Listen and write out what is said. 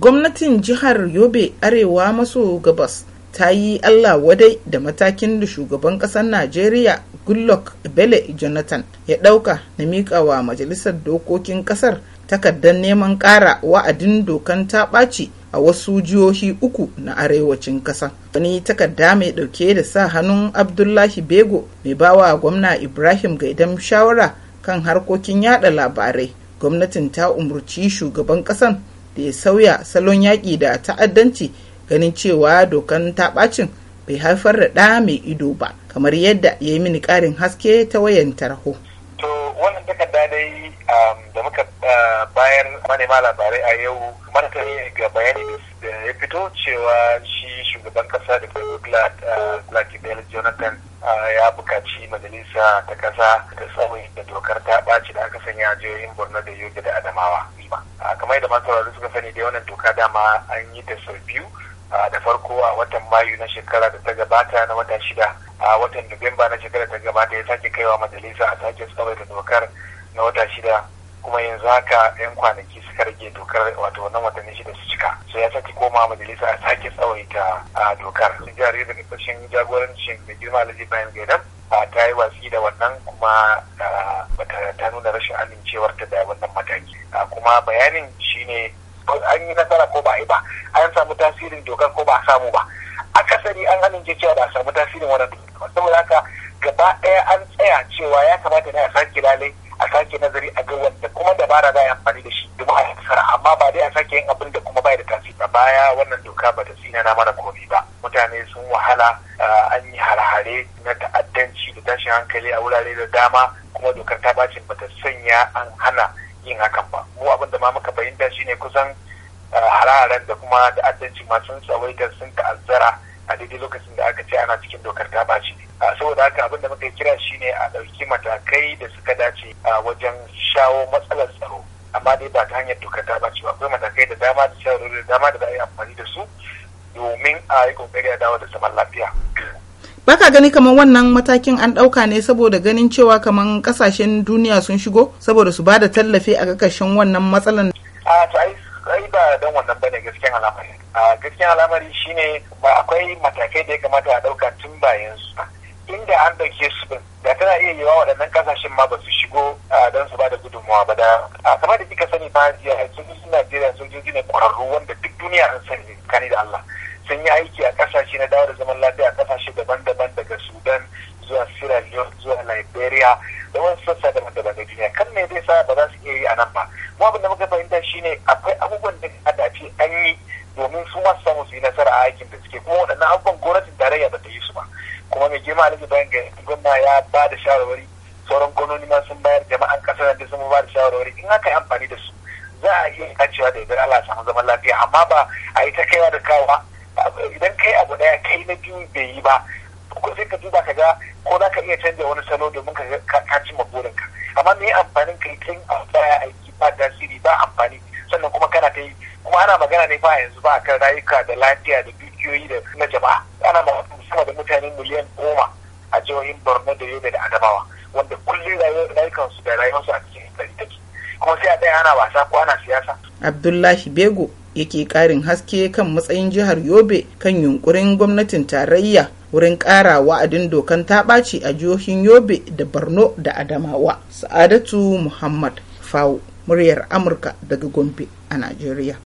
gwamnatin jihar yobe arewa maso gabas ta yi allah wadai da matakin da shugaban kasar najeriya goodluck bele jonathan ya ɗauka na miƙawa majalisar dokokin ƙasar takardar neman ƙara wa'adin dokan ta ɓaci a wasu jihohi uku na arewacin ƙasa. Wani takarda mai ɗauke da sa hannun Abdullahi Bego mai bawa gwamna Ibrahim Gaidam shawara kan harkokin yada labarai. Gwamnatin ta umarci shugaban ƙasan da ya sauya salon yaƙi da ta'addanci ganin cewa dokan ta ɓacin bai haifar da ɗa mai ido ba kamar yadda ya yi mini ƙarin haske ta wayan tarho. to wannan takarda dai um, da muka uh, bayar manema labarai a yau martani ga bayani da ya fito cewa shi shugaban kasa da kai goodluck uh, jonathan ya bukaci majalisa ta kasa da tsawon da dokar ta ɓaci da aka sanya jihohin borno da yobe da adamawa kamar yadda masu suka sani da wannan doka dama an yi ta sau biyu da farko a watan mayu na shekara da ta gabata na wata shida a watan nuwamba na shekara ta gabata ya sake kaiwa majalisa a sake tsawaita dokar na wata shida kuma yanzu haka yan kwanaki suka rage dokar wato wannan watanni shida su cika sai ya sake koma majalisa a sake tsawaita tsawaita a dokar jihar daga ƙarƙashin jagorancin mai girma alhaji bayan gaidan ta yi watsi da wannan kuma ta nuna rashin amincewarta da wannan mataki kuma bayanin shine an yi nasara ko ba a yi ba an samu tasirin dokar ko ba a samu ba akasari an amince cewa ba a samu tasirin wannan dokar saboda haka gaba ɗaya an tsaya cewa ya kamata ne a sake lalai a sake nazari a ga wanda kuma dabara za a yi amfani da shi domin a nasara amma ba dai a sake yin abin da kuma bai da baya wannan doka bata tsinana mana komi ba mutane sun wahala eh, an yi harhare na ta'addanci da tashin hankali a wurare da dama kuma dokar ta bacin bata sanya an hana yin hakan ba mu abin da ma muka fahimta ne kusan eh, hararen da kuma ta'addanci masu tsawaita sun ta'azzara a daidai lokacin da aka ce ana cikin dokar ta ɓaci eh, saboda haka abin da muka yi kira ne a ɗauki matakai da suka dace a wajen shawo matsalar tsaro amma dai ba ta hanyar dokar ta shawarwari da dama da a yi amfani da su domin a yi kokari a dawo da zaman lafiya baka gani kamar wannan matakin an ɗauka ne saboda ganin cewa kamar kasashen duniya sun shigo saboda su bada tallafi a kakashin wannan matsalan a to ai ba don wannan bane gaskiyan al'amari a gaskiyan al'amari shine ba akwai matakai da ya kamata a ɗauka tun ba yanzu inda an ɗauke su din da tana iya yiwa waɗannan kasashen ma ba su shigo don su ba da gudunmawa ba da kamar da kika sani ba jiya sun ƙwararru wanda duk duniya sun sani kani da Allah sun yi aiki a kasashe na dawo da zaman lafiya a kasashe daban-daban daga Sudan zuwa Sierra Leone zuwa Liberia da wasu sassa daban-daban na duniya kan me zai sa ba za su iya yi a nan ba mu abin da muka fahimta shine akwai abubuwan da a dace an yi domin su masu samu su yi nasara a aikin da suke kuma waɗannan abubuwan gwamnatin tarayya ba ta yi su ba kuma mai girma alhaji bayan ga gwamna ya ba da shawarwari sauran gwamnoni ma sun bayar jama'an ƙasar da sun ba da shawarwari in aka yi amfani da su za a iya kacewa da idan Allah samu zaman lafiya amma ba a yi ta kaiwa da kawa idan kai abu daya kai na biyu bai yi ba ko sai ka duba ka ga ko za ka iya canza wani salo domin ka ka ci ka amma me amfanin kai tun a baya aiki ba tasiri ba amfani sannan kuma kana ta yi kuma ana magana ne ba yanzu ba kan rayuka da lafiya da dukiyoyi da na jama'a ana magana sama da mutane miliyan goma a jihohin borno da yobe da adamawa wanda kullum rayukansu da rayuwarsu a cikin tsari kuma sai a ɗaya ana wasa ko ana siyasa. Abdullahi Bego yake ƙarin haske kan matsayin jihar Yobe kan yunkurin gwamnatin tarayya wurin ƙara wa'adin dokan taɓaci a jihohin Yobe da Borno da Adamawa. Sa'adatu Muhammad Fawo, muryar Amurka daga Gombe a Najeriya.